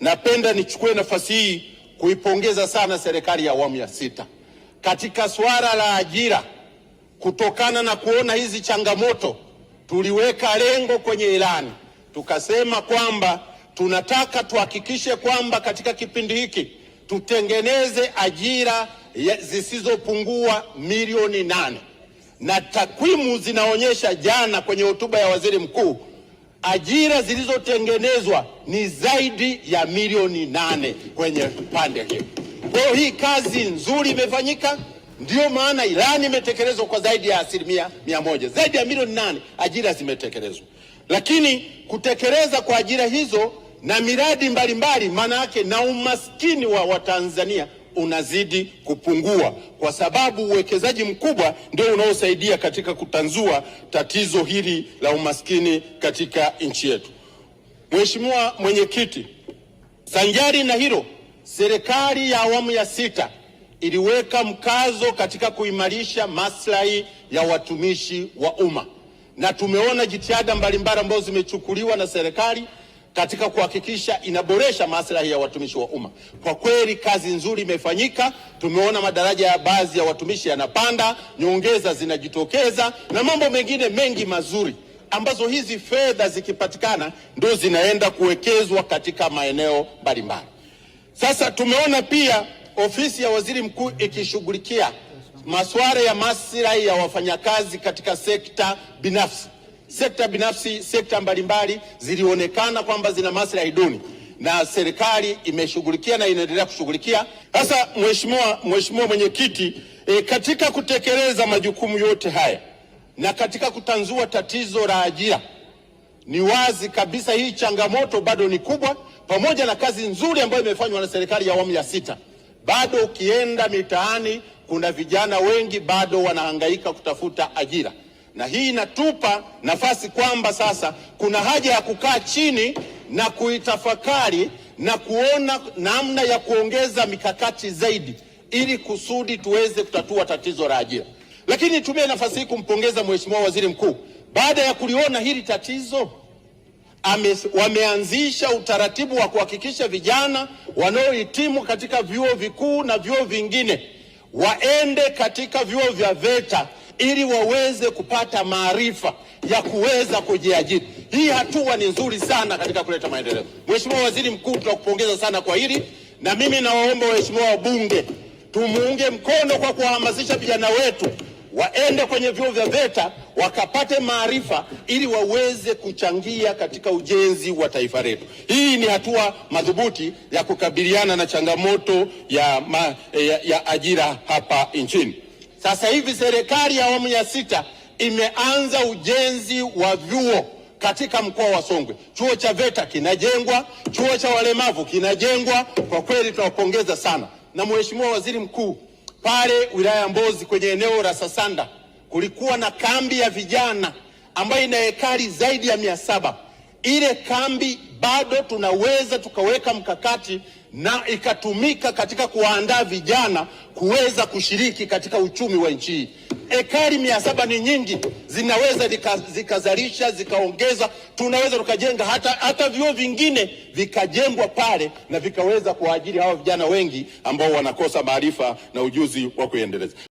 Napenda nichukue nafasi hii kuipongeza sana serikali ya awamu ya sita katika suala la ajira. Kutokana na kuona hizi changamoto, tuliweka lengo kwenye ilani, tukasema kwamba tunataka tuhakikishe kwamba katika kipindi hiki tutengeneze ajira zisizopungua milioni nane na takwimu zinaonyesha, jana kwenye hotuba ya waziri mkuu ajira zilizotengenezwa ni zaidi ya milioni nane kwenye pande hiyo. Kwa hiyo hii kazi nzuri imefanyika, ndiyo maana ilani imetekelezwa kwa zaidi ya asilimia mia moja, zaidi ya milioni nane ajira zimetekelezwa. Lakini kutekeleza kwa ajira hizo na miradi mbalimbali, maana yake na umaskini wa Watanzania unazidi kupungua, kwa sababu uwekezaji mkubwa ndio unaosaidia katika kutanzua tatizo hili la umaskini katika nchi yetu. Mheshimiwa Mwenyekiti, sanjari na hilo, serikali ya awamu ya sita iliweka mkazo katika kuimarisha maslahi ya watumishi wa umma na tumeona jitihada mbalimbali ambazo zimechukuliwa na serikali katika kuhakikisha inaboresha maslahi ya watumishi wa umma. Kwa kweli kazi nzuri imefanyika. Tumeona madaraja ya baadhi ya watumishi yanapanda, nyongeza zinajitokeza na mambo mengine mengi mazuri, ambazo hizi fedha zikipatikana ndo zinaenda kuwekezwa katika maeneo mbalimbali. Sasa tumeona pia ofisi ya waziri mkuu ikishughulikia masuala ya maslahi ya wafanyakazi katika sekta binafsi sekta binafsi, sekta mbalimbali zilionekana kwamba zina maslahi duni na serikali imeshughulikia na inaendelea kushughulikia. Sasa mheshimiwa, mheshimiwa mwenyekiti, e, katika kutekeleza majukumu yote haya na katika kutanzua tatizo la ajira, ni wazi kabisa hii changamoto bado ni kubwa, pamoja na kazi nzuri ambayo imefanywa na serikali ya awamu ya sita. Bado ukienda mitaani, kuna vijana wengi bado wanahangaika kutafuta ajira na hii inatupa nafasi kwamba sasa kuna haja ya kukaa chini na kuitafakari na kuona namna ya kuongeza mikakati zaidi ili kusudi tuweze kutatua tatizo la ajira. Lakini nitumie nafasi hii kumpongeza Mheshimiwa Waziri Mkuu, baada ya kuliona hili tatizo ame, wameanzisha utaratibu wa kuhakikisha vijana wanaohitimu katika vyuo vikuu na vyuo vingine waende katika vyuo vya VETA ili waweze kupata maarifa ya kuweza kujiajiri. Hii hatua ni nzuri sana katika kuleta maendeleo. Mheshimiwa Waziri Mkuu, tunakupongeza sana kwa hili, na mimi nawaomba waheshimiwa wabunge tumuunge mkono kwa kuwahamasisha vijana wetu waende kwenye vyuo vya VETA wakapate maarifa ili waweze kuchangia katika ujenzi wa taifa letu. Hii ni hatua madhubuti ya kukabiliana na changamoto ya, ma, ya, ya ajira hapa nchini. Sasa hivi serikali ya awamu ya sita imeanza ujenzi wa vyuo katika mkoa wa Songwe. Chuo cha VETA kinajengwa, chuo cha walemavu kinajengwa. Kwa kweli tunawapongeza sana, na Mheshimiwa Waziri Mkuu, pale wilaya ya Mbozi kwenye eneo la Sasanda kulikuwa na kambi ya vijana ambayo ina hekari zaidi ya mia saba. Ile kambi bado tunaweza tukaweka mkakati na ikatumika katika kuwaandaa vijana kuweza kushiriki katika uchumi wa nchi hii. Ekari mia saba ni nyingi, zinaweza zikazalisha zikaongeza, tunaweza tukajenga hata, hata vyuo vingine vikajengwa pale na vikaweza kuwaajiri hawa vijana wengi ambao wanakosa maarifa na ujuzi wa kuendeleza